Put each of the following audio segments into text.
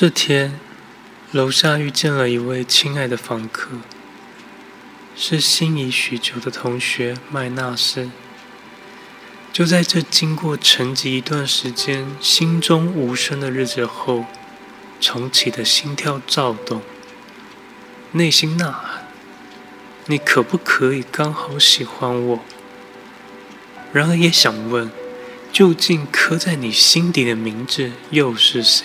這天，樓下遇見了一位親愛的房客，是心儀許久的同學麥娜絲。就在這經過沉寂一段時間，心中無聲的日子後，重啟的心跳躁動，內心吶喊：“你可不可以剛好喜歡我？”然而也想問，究竟刻在你心底的名字又是誰？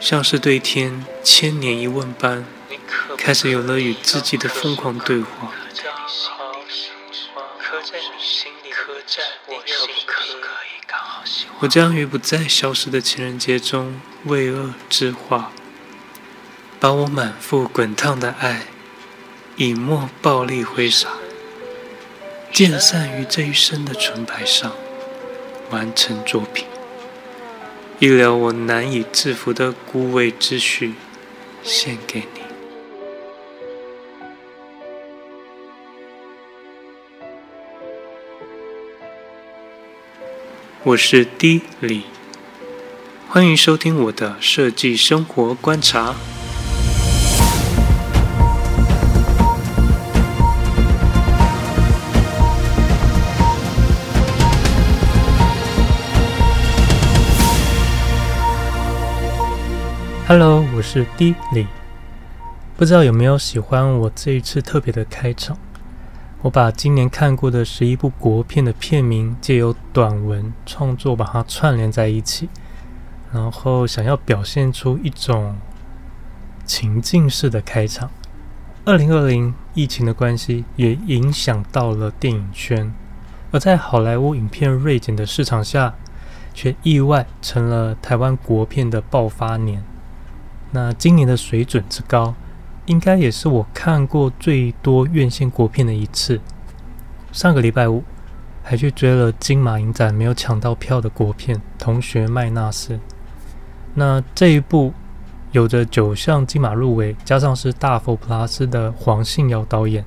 像是對天千年一問般，開始有了與自己的瘋狂對話。我將於不再消失的情人節中，為惡之花，把我滿腹滾燙的愛，以墨暴力揮灑，濺散於這一生的純白上，完成作品。醫療，我難以制服的孤衛之緒獻給你。我是 D 李。歡迎收聽我的設計生活觀察。Hello，我是 D 李，不知道有沒有喜歡我這一次特別的開場。我把今年看過的十一部國片的片名，借由短文創作把它串聯在一起，然後想要表現出一種情境式的開場。二零二零疫情的關係也影響到了電影圈，而在好萊塢影片銳減的市場下，卻意外成了台灣國片的爆發年。那今年的水準之高，應該也是我看過最多院線國片的一次。上個禮拜五還去追了金馬影展沒有搶到票的國片《同學麥納斯》，那這一部有着九項金馬入圍，加上是大佛普拉斯的黃信堯導演，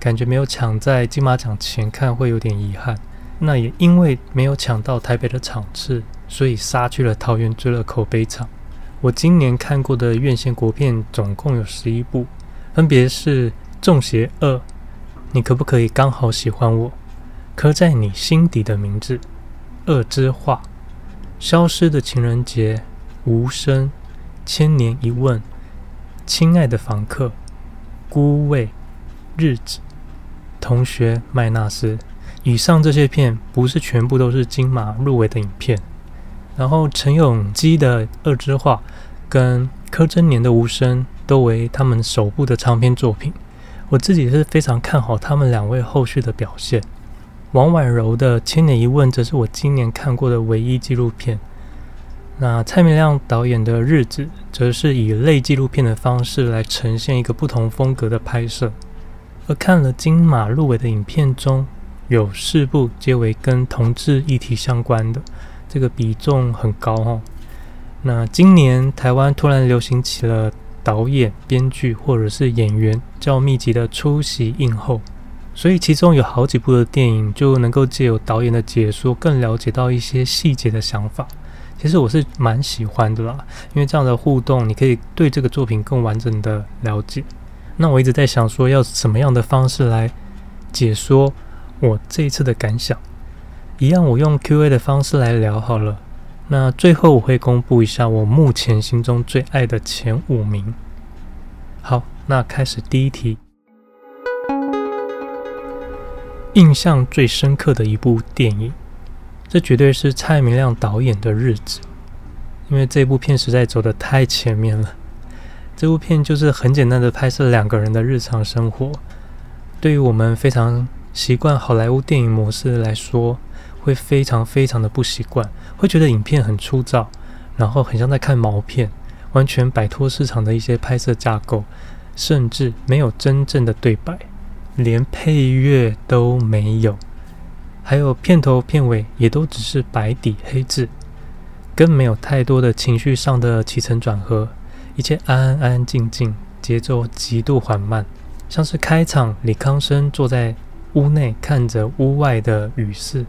感覺沒有搶在金馬獎前看會有點遺憾。那也因為沒有搶到台北的場次，所以殺去了桃園追了口碑場。我今年看過的院線國片總共有十一部，分別是《粽邪2》《你可不可以剛好喜歡我》《刻在你心底的名字》《惡之畫》《消失的情人節》《無聲》《千年一問》《親愛的房客》《孤味》《日子》《同學麥納斯》。以上這些片不是全部都是金馬入圍的影片。然後陳永基的《惡之畫》跟柯貞年的《無聲》都為他們首部的長篇作品，我自己是非常看好他們兩位後續的表現。王婉柔的《千年一問》則是我今年看過的唯一紀錄片。那蔡明亮導演的《日子》則是以類紀錄片的方式來呈現一個不同風格的拍攝。而看了金馬入圍的影片中，有四部皆為跟同志議題相關的。這個比重很高哈。那今年台灣突然流行起了導演、編劇或者是演員較密集的出席映後，所以其中有好幾部的電影就能夠借由導演的解說，更了解到一些細節的想法。其實我是蠻喜歡的啦，因為這樣的互動，你可以對這個作品更完整的了解。那我一直在想說，要什麼樣的方式來解說我這一次的感想。一樣，我用 Q&A 的方式來聊好了。那最後我會公布一下我目前心中最愛的前五名。好，那開始第一題：印象最深刻的一部電影。這絕對是蔡明亮導演的日子，因為這部片實在走得太前面了。這部片就是很簡單的拍攝兩個人的日常生活，對於我們非常習慣好萊塢電影模式來說。會非常非常的不習慣，會覺得影片很粗糙，然後很像在看毛片，完全擺脫市場的一些拍攝架構，甚至沒有真正的對白，連配樂都沒有，還有片頭片尾也都只是白底黑字，更沒有太多的情緒上的起承轉合，一切安安靜靜，節奏極度緩慢，像是開場李康生坐在屋內看着屋外的雨勢。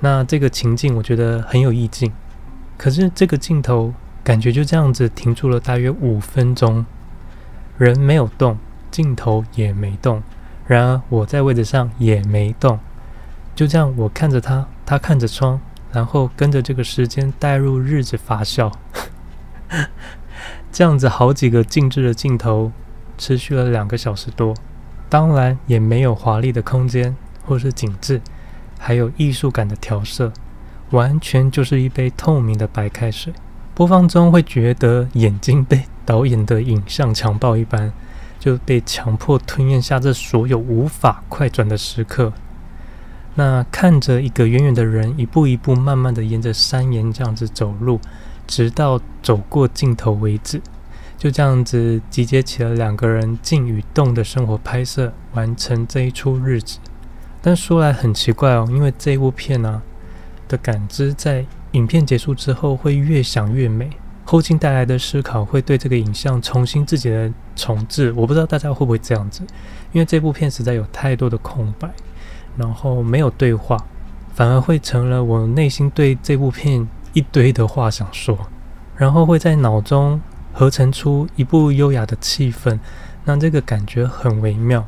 那這個情境我覺得很有意境，可是這個鏡頭感覺就這樣子停住了大約五分鐘，人沒有動，鏡頭也沒動，然而我在位置上也沒動，就這樣我看着他，他看着窗，然後跟着這個時間帶入日子發酵， 這樣子好幾個靜置的鏡頭持續了兩個小時多，當然也沒有華麗的空間或是景致。還有藝術感的調色，完全就是一杯透明的白開水。播放中會覺得眼睛被導演的影像強暴一般，就被強迫吞咽下這所有無法快轉的時刻。那看着一個遠遠的人一步一步慢慢地沿着山岩這樣子走路，直到走過鏡頭為止，就這樣子集結起了兩個人靜與動的生活拍攝，完成這一出日子。但說來很奇怪哦，因為這部片啊的感知，在影片結束之後會越想越美，後勁帶來的思考會對這個影像重新自己的重置。我不知道大家會不會這樣子，因為這部片實在有太多的空白，然後沒有對話，反而會成了我內心對這部片一堆的話想說，然後會在腦中合成出一部優雅的氣氛，讓這個感覺很微妙，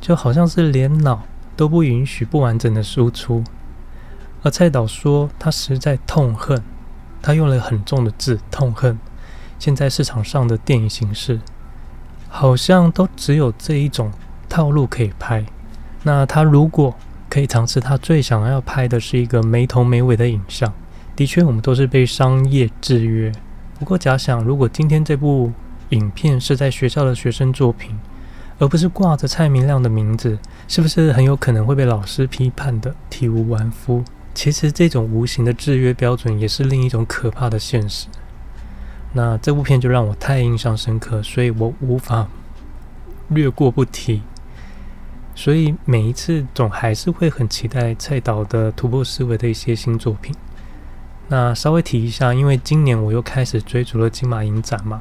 就好像是連腦。都不允許不完整的輸出，而蔡導說他實在痛恨，他用了很重的字痛恨，現在市場上的電影形式好像都只有這一種套路可以拍。那他如果可以嘗試，他最想要拍的是一個沒頭沒尾的影像。的確，我們都是被商業制約。不過假想，如果今天這部影片是在學校的學生作品。而不是掛着蔡明亮的名字，是不是很有可能會被老師批判的體無完膚？其實這種無形的制約標準也是另一種可怕的現實。那這部片就讓我太印象深刻，所以我無法略過不提。所以每一次總還是會很期待蔡導的突破思維的一些新作品。那稍微提一下，因為今年我又開始追逐了金馬影展嘛。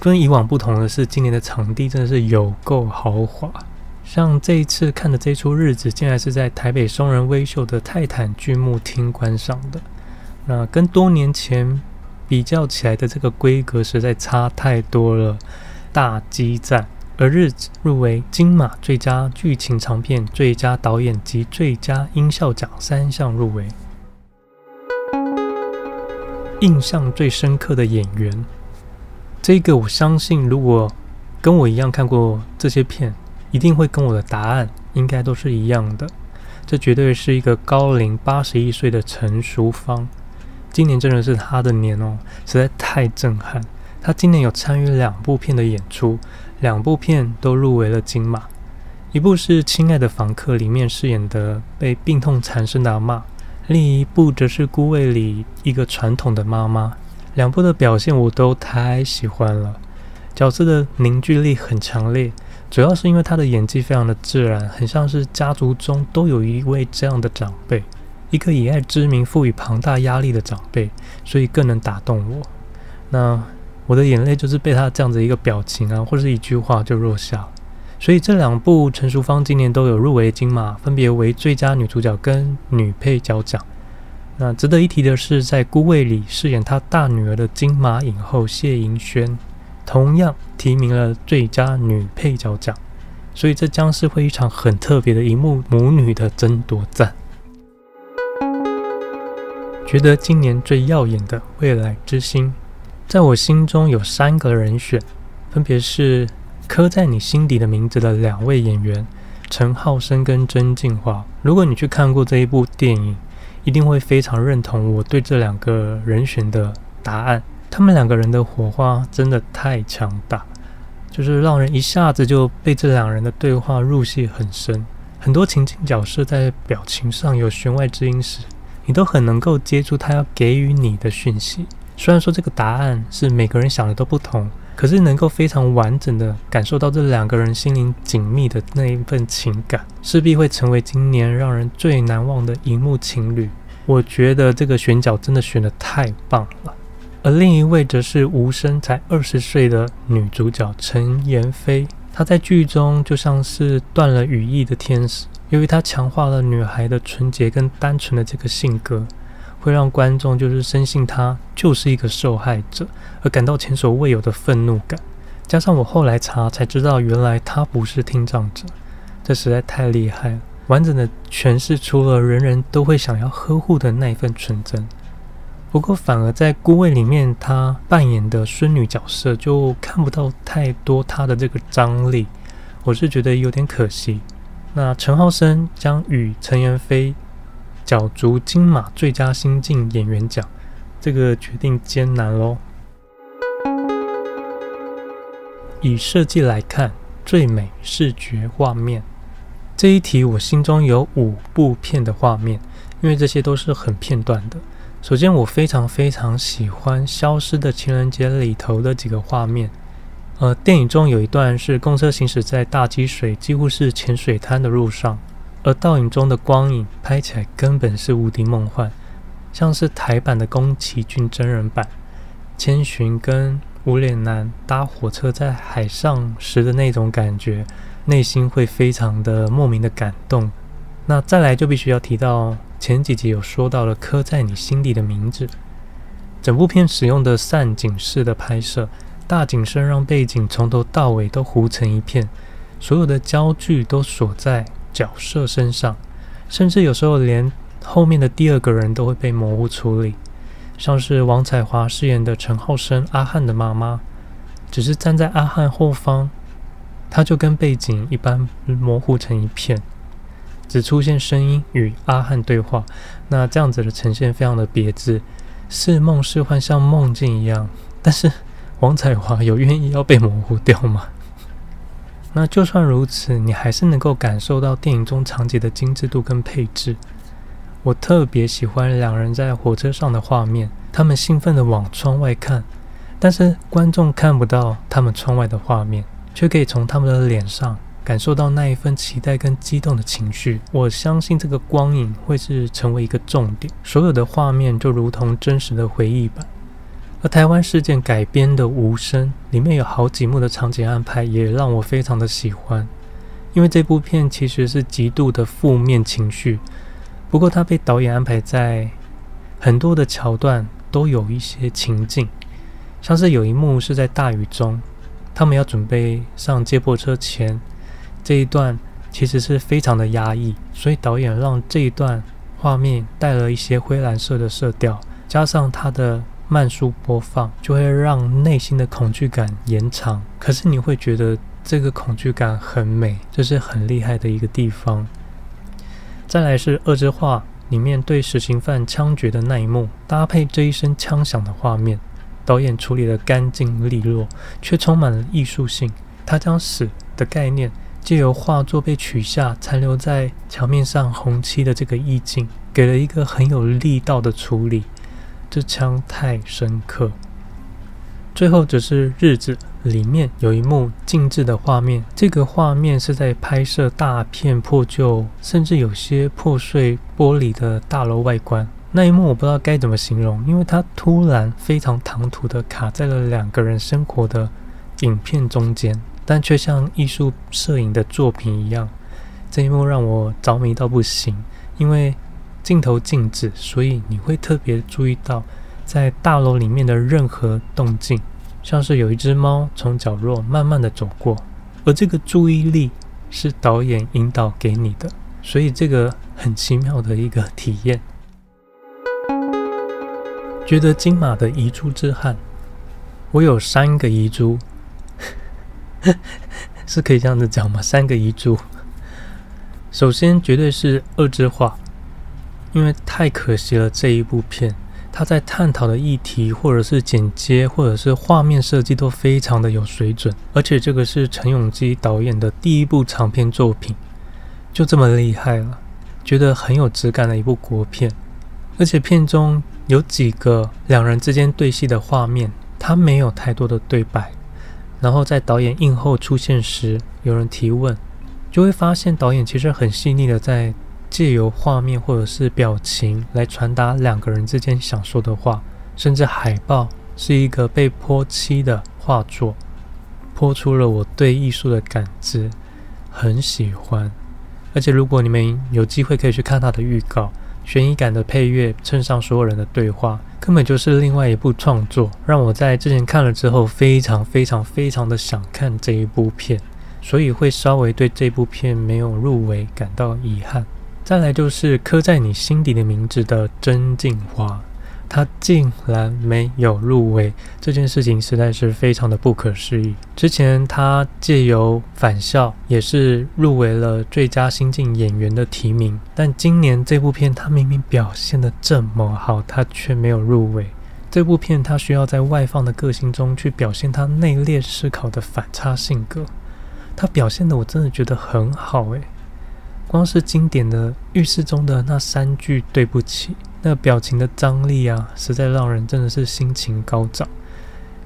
跟以往不同的是，今年的場地真的是有夠豪華。像這一次看的這出《日子》，竟然是在台北松仁威秀的泰坦巨幕廳觀賞的。那跟多年前比較起來的這個規格，實在差太多了，大激讚！而《日子》入圍金馬最佳劇情長片、最佳導演及最佳音效獎三項入圍。印象最深刻的演員。這個我相信，如果跟我一樣看過這些片，一定會跟我的答案應該都是一樣的。這絕對是一個高齡八十一歲的陳淑芳，今年真的是他的年哦，實在太震撼。他今年有參與兩部片的演出，兩部片都入圍了金馬，一部是《親愛的房客》裡面飾演的被病痛纏身的阿嬤，另一部則是《孤味》裡一個傳統的媽媽。兩部的表現我都太喜歡了，角色的凝聚力很強烈，主要是因為她的演技非常的自然，很像是家族中都有一位這樣的長輩，一個以愛之名賦予龐大壓力的長輩，所以更能打動我。那我的眼淚就是被她這樣子一個表情啊，或者是一句話就落下了。所以這兩部陳淑芳今年都有入圍金馬，分別為最佳女主角跟女配角獎。那值得一提的是，在《孤味》裡飾演她大女兒的金馬影后謝盈萱，同樣提名了最佳女配角獎。所以這將是會一場很特別的銀幕母女的爭奪戰。覺得今年最耀眼的未來之星，在我心中有三個人選，分別是《刻在你心底的名字》的兩位演員陳昊森跟曾敬驊。如果你去看過這一部電影。一定會非常認同我對這兩個人選的答案。他們兩個人的火花真的太強大，就是讓人一下子就被這兩人的對話入戲很深。很多情境角色在表情上有弦外之音時，你都很能夠接住他要給予你的訊息。雖然說這個答案是每個人想的都不同。可是能夠非常完整地感受到這兩個人心靈緊密的那一份情感，勢必會成為今年讓人最難忘的熒幕情侶。我覺得這個選角真的選得太棒了。而另一位則是無聲才二十歲的女主角陳妍霏，她在劇中就像是斷了羽翼的天使，由於她強化了女孩的純潔跟單純的這個性格。會讓觀眾就是深信他就是一個受害者，而感到前所未有的憤怒感。加上我後來查才知道，原來他不是聽障者，這實在太厲害了，完整的詮釋出了人人都會想要呵護的那一份純真。不過，反而在《孤味》裡面，他扮演的孫女角色就看不到太多他的這個張力，我是覺得有點可惜。那陳浩生將與陳妍霏。小足金馬最佳新晉演員獎，這個決定艱難嘍。以設計來看，最美視覺畫面這一題，我心中有五部片的畫面，因為這些都是很片段的。首先，我非常非常喜歡《消失的情人節》裡頭的幾個畫面。呃，電影中有一段是公車行駛在大積水，幾乎是淺水灘的路上。而倒影中的光影拍起來根本是無敵夢幻，像是台版的宮崎駿真人版《千尋》跟無臉男搭火車在海上時的那種感覺，內心會非常的莫名的感動。那再來就必須要提到前幾集有說到了刻在你心底的名字，整部片使用的散景式的拍攝，大景深讓背景從頭到尾都糊成一片，所有的焦距都鎖在。角色身上，甚至有時候連後面的第二個人都會被模糊處理，像是王彩華飾演的陳浩生，阿漢的媽媽，只是站在阿漢後方，她就跟背景一般模糊成一片，只出現聲音與阿漢對話。那這樣子的呈現非常的別緻，似夢似幻，像夢境一樣，但是王彩華有願意要被模糊掉嗎？那就算如此，你還是能夠感受到電影中場景的精致度跟配置。我特別喜歡兩人在火車上的畫面，他們興奮地往窗外看，但是觀眾看不到他們窗外的畫面，卻可以從他們的臉上感受到那一份期待跟激動的情緒。我相信這個光影會是成為一個重點，所有的畫面就如同真實的回憶般。而台灣事件改編的《無聲》裡面有好幾幕的場景安排，也讓我非常的喜歡，因為這部片其實是極度的負面情緒，不過它被導演安排在很多的橋段都有一些情境，像是有一幕是在大雨中，他們要準備上接駁車前這一段，其實是非常的壓抑，所以導演讓這一段畫面帶了一些灰藍色的色調，加上他的慢速播放就會讓內心的恐懼感延長，可是你會覺得這個恐懼感很美，這是很厲害的一個地方。再來是二字《惡之畫》裡面對死刑犯槍決的那一幕，搭配這一聲槍響的畫面，導演處理得乾淨利落，卻充滿了藝術性。他將“死”的概念借由畫作被取下、殘留在牆面上紅漆的這個意境，給了一個很有力道的處理。這槍太深刻。最後只是日子裡面有一幕靜止的畫面，這個畫面是在拍攝大片破舊甚至有些破碎玻璃的大樓外觀。那一幕我不知道該怎麼形容，因為它突然非常唐突地卡在了兩個人生活的影片中間，但卻像藝術攝影的作品一樣。這一幕讓我着迷到不行，因為。鏡頭靜止，所以你會特別注意到在大樓裡面的任何動靜，像是有一隻貓從角落慢慢的走過，而這個注意力是導演引導給你的，所以這個很奇妙的一個體驗。覺得金馬的遺珠之憾，我有三個遺珠， 是可以這樣子講嗎？三個遺珠，首先絕對是二之畫。因為太可惜了。這一部片，他在探討的議題，或者是剪接，或者是畫面設計，都非常的有水準。而且這個是陳永基導演的第一部長片作品，就這麼厲害了。覺得很有質感的一部國片，而且片中有幾個兩人之間對戲的畫面，他沒有太多的對白。然後在導演映後出現時，有人提問，就會發現導演其實很細膩的在。借由畫面或者是表情來傳達兩個人之間想說的話，甚至海報是一個被潑漆的畫作，潑出了我對藝術的感知，很喜歡。而且如果你們有機會可以去看它的預告，懸疑感的配樂襯上所有人的對話，根本就是另外一部創作，讓我在之前看了之後非常非常非常的想看這一部片，所以會稍微對這部片沒有入圍感到遺憾。再來就是刻在你心底的名字的曾敬驊，他竟然沒有入圍，這件事情實在是非常的不可思議。之前他借由返校也是入圍了最佳新晉演員的提名，但今年這部片他明明表現得這麼好，他卻沒有入圍。這部片他需要在外放的個性中去表現他內斂思考的反差性格，他表現得我真的覺得很好誒、欸。光是經典的浴室中的那三句“對不起”，那表情的張力啊，實在讓人真的是心情高漲。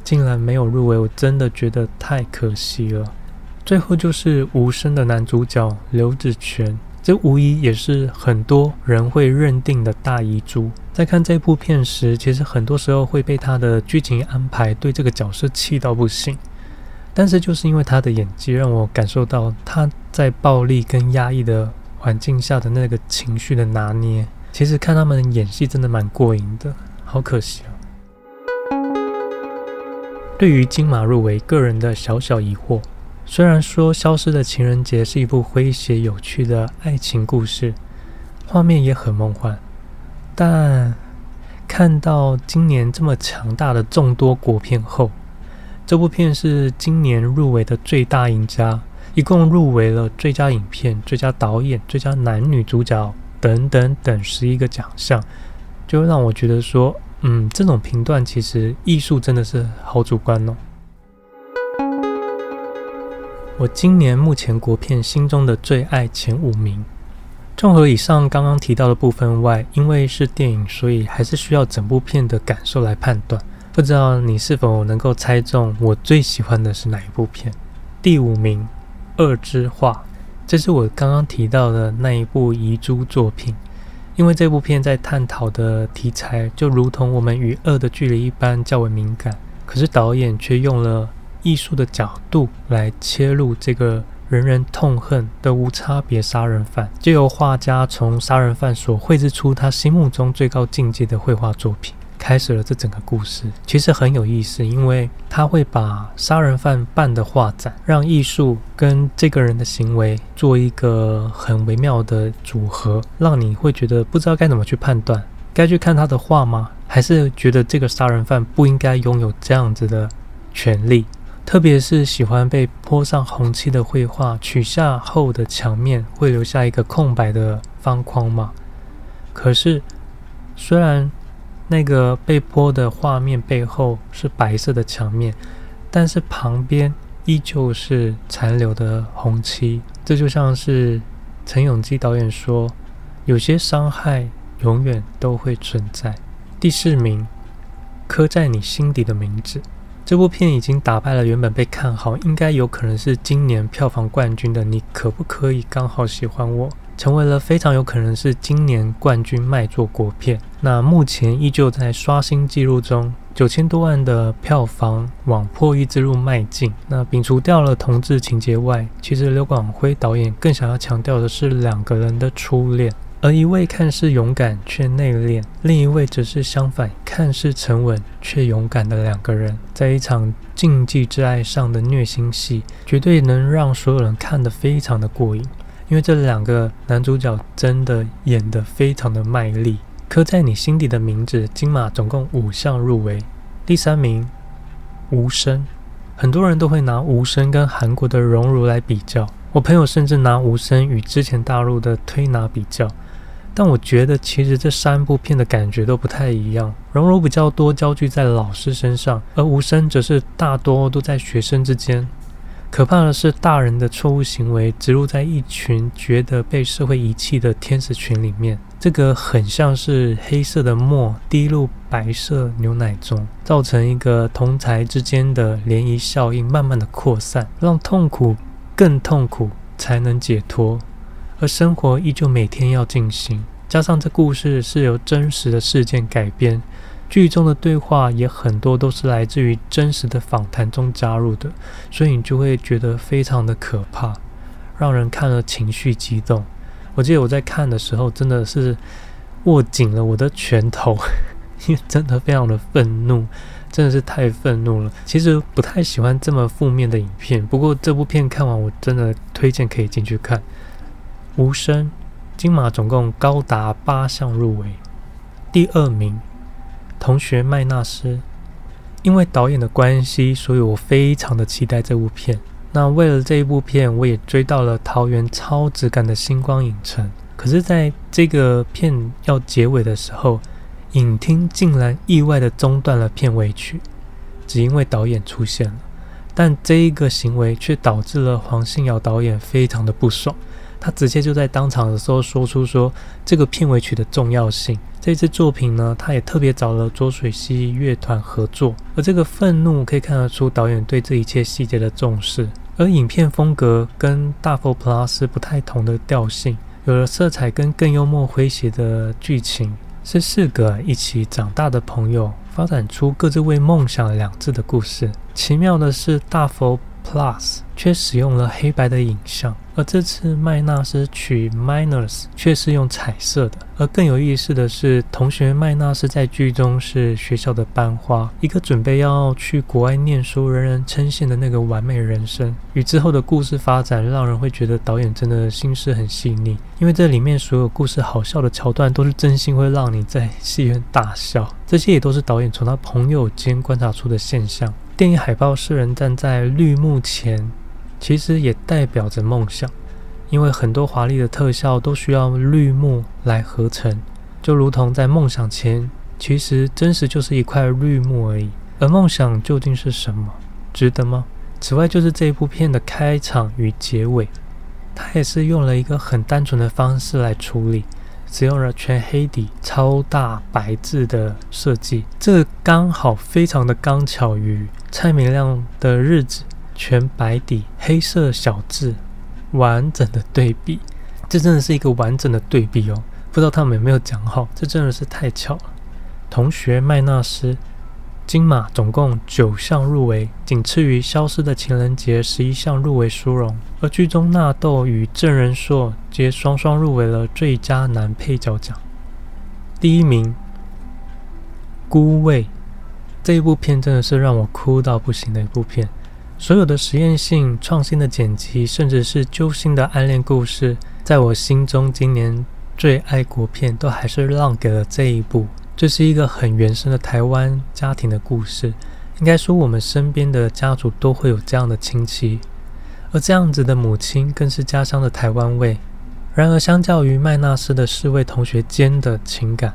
竟然沒有入圍，我真的覺得太可惜了。最後就是無聲的男主角劉子銓，這無疑也是很多人會認定的大遺珠。在看這部片時，其實很多時候會被他的劇情安排對這個角色氣到不行。但是就是因為他的演技，讓我感受到他在暴力跟壓抑的環境下的那個情緒的拿捏。其實看他們演戲真的蠻過癮的，好可惜啊！對於金馬入圍，個人的小小疑惑。雖然說《消失的情人節》是一部詼諧有趣的愛情故事，畫面也很夢幻，但看到今年這麼強大的眾多國片後。這部片是今年入圍的最大贏家，一共入圍了最佳影片、最佳導演、最佳男女主角等等等十一個獎項，就讓我覺得說，嗯，這種評斷其實藝術真的是好主觀哦。我今年目前國片心中的最愛前五名，綜合以上剛剛提到的部分外，因為是電影，所以還是需要整部片的感受來判斷。不知道你是否能夠猜中我最喜歡的是哪一部片？第五名，《惡之畫》，這是我剛剛提到的那一部遺珠作品。因為這部片在探討的題材就如同我們與惡的距離一般較為敏感，可是導演卻用了藝術的角度來切入這個人人痛恨的無差別殺人犯，藉由畫家從殺人犯所繪制出他心目中最高境界的繪畫作品，開始了這整個故事，其實很有意思，因為他會把殺人犯辦的畫展，讓藝術跟這個人的行為做一個很微妙的組合，讓你會覺得不知道該怎麼去判斷，該去看他的畫嗎？還是覺得這個殺人犯不應該擁有這樣子的權利？特別是喜歡被潑上紅漆的繪畫，取下後的牆面會留下一個空白的方框嗎？可是雖然。那個被潑的畫面背後是白色的牆面，但是旁邊依舊是殘留的紅漆。這就像是陳永基導演說：“有些傷害永遠都會存在。”第四名，刻在你心底的名字。這部片已經打敗了原本被看好，應該有可能是今年票房冠軍的《你可不可以剛好喜歡我》。成為了非常有可能是今年冠軍賣座國片。那目前依舊在刷新紀錄中，九千多萬的票房往破億之路邁進。那摒除掉了同志情節外，其實劉廣輝導演更想要強調的是兩個人的初戀。而一位看似勇敢卻內斂，另一位則是相反，看似沉穩卻勇敢的兩個人，在一場禁忌之愛上的虐心戲，絕對能讓所有人看得非常的過癮。因為這兩個男主角真的演得非常的賣力，刻在你心底的名字。金馬總共五項入圍。第三名《無聲》，很多人都會拿《無聲》跟韓國的《熔爐》來比較，我朋友甚至拿《無聲》與之前大陸的《推拿》比較。但我覺得其實這三部片的感覺都不太一樣，《熔爐》比較多聚焦在老師身上，而《無聲》則是大多都在學生之間。可怕的是，大人的錯誤行為植入在一群覺得被社會遺棄的天使群裡面，這個很像是黑色的墨滴入白色牛奶中，造成一個同儕之間的漣漪效應，慢慢的擴散，讓痛苦更痛苦才能解脫，而生活依舊每天要進行。加上這故事是由真實的事件改編。劇中的對話也很多都是來自於真實的訪談中加入的，所以你就會覺得非常的可怕，讓人看了情緒激動。我記得我在看的時候真的是握緊了我的拳頭，因為真的非常的憤怒，真的是太憤怒了。其實不太喜歡這麼負面的影片，不過這部片看完我真的推薦可以進去看。無聲金馬總共高達八項入圍，第二名。同學麥納斯因為導演的關係，所以我非常的期待這部片。那為了這一部片，我也追到了桃園超質感的星光影城。可是，在這個片要結尾的時候，影廳竟然意外的中斷了片尾曲，只因為導演出現了。但這一個行為卻導致了黃信堯導演非常的不爽。他直接就在當場的時候說出說這個片尾曲的重要性。這次作品呢，他也特別找了濁水溪樂團合作。而這個憤怒可以看得出導演對這一切細節的重視。而影片風格跟《大佛普拉斯》不太同的調性，有了色彩跟更幽默詼諧的劇情，是四個一起長大的朋友發展出各自為夢想兩字的故事。奇妙的是，《大佛》。Plus 卻使用了黑白的影像，而這次麥納斯取 Minus 卻是用彩色的。而更有意思的是，同學麥納斯在劇中是學校的班花，一個準備要去國外念書、人人稱羨的那個完美人生。與之後的故事發展，讓人會覺得導演真的心思很細膩，因為這裡面所有故事好笑的橋段，都是真心會讓你在戲院大笑。這些也都是導演從他朋友間觀察出的現象。電影海報，詩人站在綠幕前，其實也代表着夢想，因為很多華麗的特效都需要綠幕來合成，就如同在夢想前，其實真實就是一塊綠幕而已。而夢想究竟是什麼？值得嗎？此外，就是這部片的開場與結尾，它也是用了一個很單純的方式來處理，使用了全黑底、超大白字的設計，這個、剛好非常的剛巧於。蔡明亮的日子，全白底黑色小字，完整的對比，這真的是一個完整的對比哦。不知道他們有沒有講好，這真的是太巧了。同學麥娜絲，金馬總共九項入圍，僅次於《消失的情人節》十一項入圍殊榮。而劇中納豆與鄭人碩皆雙雙入圍了最佳男配角獎。第一名，孤味。這一部片真的是讓我哭到不行的一部片，所有的實驗性、創新的剪輯，甚至是揪心的暗戀故事，在我心中今年最愛國片都還是讓給了這一部。這是一個很原生的台灣家庭的故事，應該說我們身邊的家族都會有這樣的親戚，而這樣子的母親更是家鄉的台灣味。然而，相較於麥娜絲的四位同學間的情感，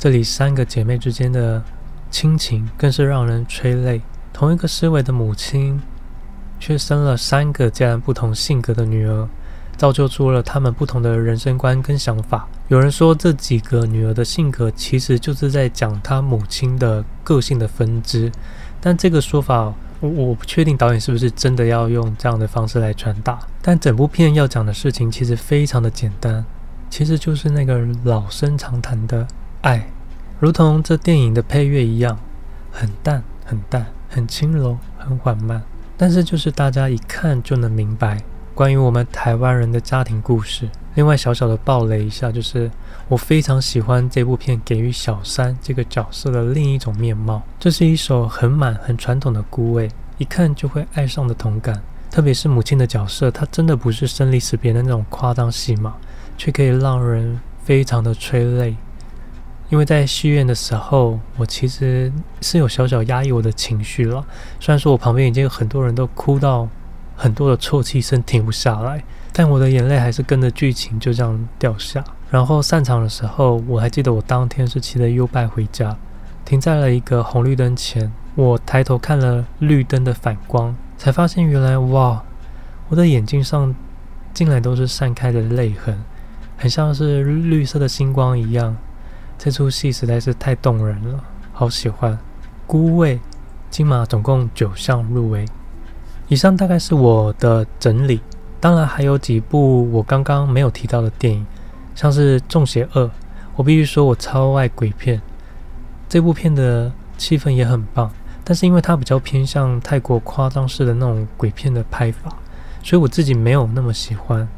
這裡三個姐妹之間的，親情更是讓人催淚。同一個思維的母親，卻生了三個截然不同性格的女兒，造就出了她們不同的人生觀跟想法。有人說，這幾個女兒的性格其實就是在講她母親的個性的分支。但這個說法，我我不確定導演是不是真的要用這樣的方式來傳達。但整部片要講的事情其實非常的簡單，其實就是那個老生常談的愛。如同這電影的配樂一樣，很淡很淡，很輕柔，很緩慢，但是就是大家一看就能明白關於我們台灣人的家庭故事。另外小小的爆雷一下，就是我非常喜歡這部片給予小三這個角色的另一種面貌。這、就是一首很滿很傳統的孤味，一看就會愛上的同感。特別是母親的角色，她真的不是生離死別的那種誇張戲碼，卻可以讓人非常的催淚。因為在戲院的時候，我其實是有小小壓抑我的情緒了。雖然說我旁邊已經有很多人都哭到很多的啜泣聲停不下來，但我的眼淚還是跟着劇情就這樣掉下。然後散場的時候，我還記得我當天是騎着 YouBike 回家，停在了一個紅綠燈前。我抬頭看了綠燈的反光，才發現原來哇，我的眼鏡上竟然都是散開的淚痕，很像是綠色的星光一樣。這出戲實在是太動人了，好喜歡。孤味，金馬總共九項入圍，以上大概是我的整理。當然還有幾部我剛剛沒有提到的電影，像是《粽邪2》，我必須說，我超愛鬼片。這部片的氣氛也很棒，但是因為它比較偏向泰國誇張式的那種鬼片的拍法，所以我自己沒有那麼喜歡。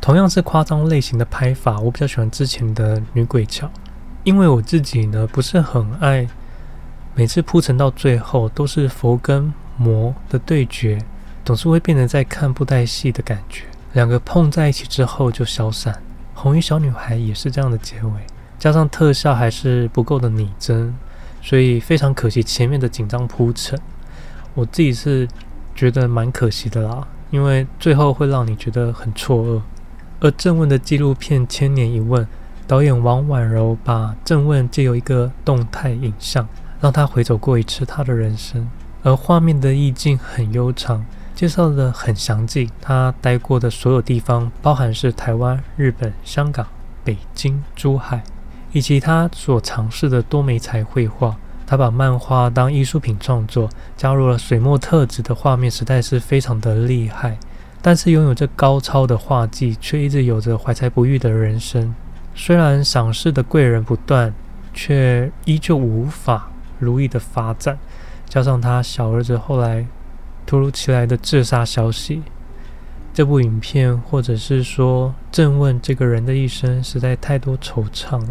同樣是誇張類型的拍法，我比較喜歡之前的《女鬼橋》。因為我自己呢不是很愛，每次鋪陳到最後都是佛跟魔的對決，總是會變成在看布袋戲的感覺。兩個碰在一起之後就消散，紅衣小女孩也是這樣的結尾，加上特效還是不夠的擬真，所以非常可惜前面的緊張鋪陳。我自己是覺得蠻可惜的啦，因為最後會讓你覺得很錯愕。而鄭問的紀錄片《千年一問》。導演王婉柔把鄭問借由一個動態影像，讓他回走過一次他的人生。而畫面的意境很悠長，介紹得很詳盡。他待過的所有地方，包含是台灣、日本、香港、北京、珠海，以及他所嘗試的多媒材繪畫。他把漫畫當藝術品創作，加入了水墨特質的畫面，實在是非常的厲害。但是擁有著高超的畫技，卻一直有着懷才不遇的人生。雖然賞識的貴人不斷，卻依舊無法如意的發展。加上他小兒子後來突如其來的自殺消息，這部影片或者是說鄭問這個人的一生，實在太多惆悵了。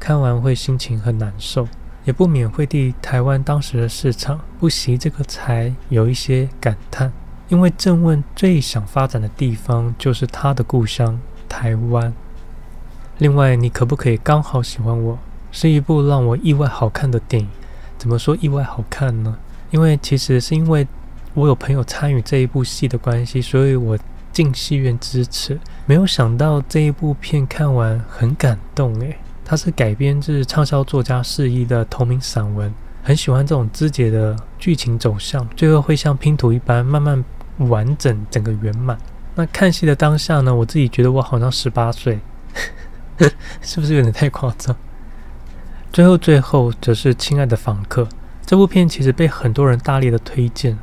看完會心情很難受，也不免會對台灣當時的市場不惜這個才有一些感嘆。因為鄭問最想發展的地方就是他的故鄉台灣。另外，你可不可以剛好喜歡我？是一部讓我意外好看的電影。怎麼說意外好看呢？因為其實是因為我有朋友參與這一部戲的關係，所以我進戲院支持。沒有想到這一部片看完很感動誒，它是改編自暢銷作家肆一的同名散文。很喜歡這種肢解的劇情走向，最後會像拼圖一般慢慢完整，整個圓滿。那看戲的當下呢？我自己覺得我好像十八歲。 是不是有點太誇張？最後最後則是《親愛的房客》這部片，其實被很多人大力的推薦，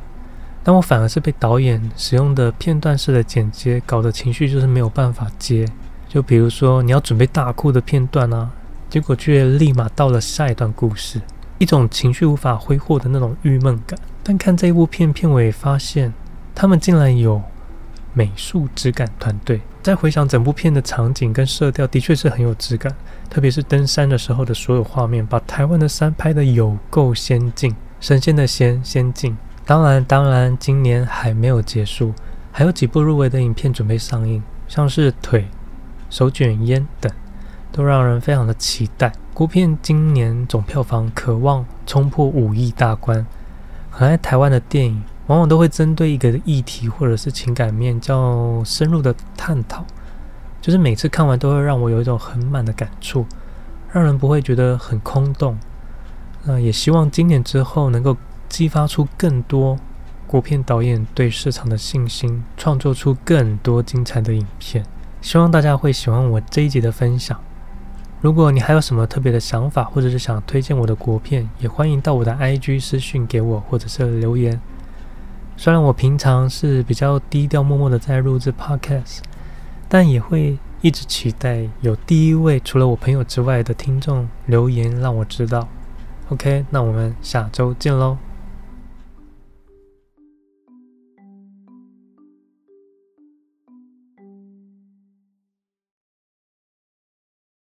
但我反而是被導演使用的片段式的剪接，搞得情緒就是沒有辦法接。就比如說你要準備大哭的片段啊，結果卻立馬到了下一段故事，一種情緒無法揮霍的那種鬱悶感。但看這一部片片尾發現，他們竟然有。美術質感團隊再回想整部片的場景跟色調，的確是很有質感。特別是登山的時候的所有畫面，把台灣的山拍得有夠仙境，神仙的仙仙境。當然，當然，今年還沒有結束，還有幾部入圍的影片準備上映，像是腿、手捲煙等，都讓人非常的期待。國片今年總票房可望衝破五億大關，很愛台灣的電影。往往都會針對一個議題或者是情感面，較深入的探討，就是每次看完都會讓我有一種很滿的感觸，讓人不會覺得很空洞。呃，那也希望今年之後能夠激發出更多國片導演對市場的信心，創作出更多精彩的影片。希望大家會喜歡我這一集的分享。如果你還有什麼特別的想法，或者是想推薦我的國片，也歡迎到我的 IG 私訊給我，或者是留言。雖然我平常是比較低調、默默的在錄製 podcast，但也會一直期待有第一位除了我朋友之外的聽眾留言讓我知道。OK，那我們下周見嘍。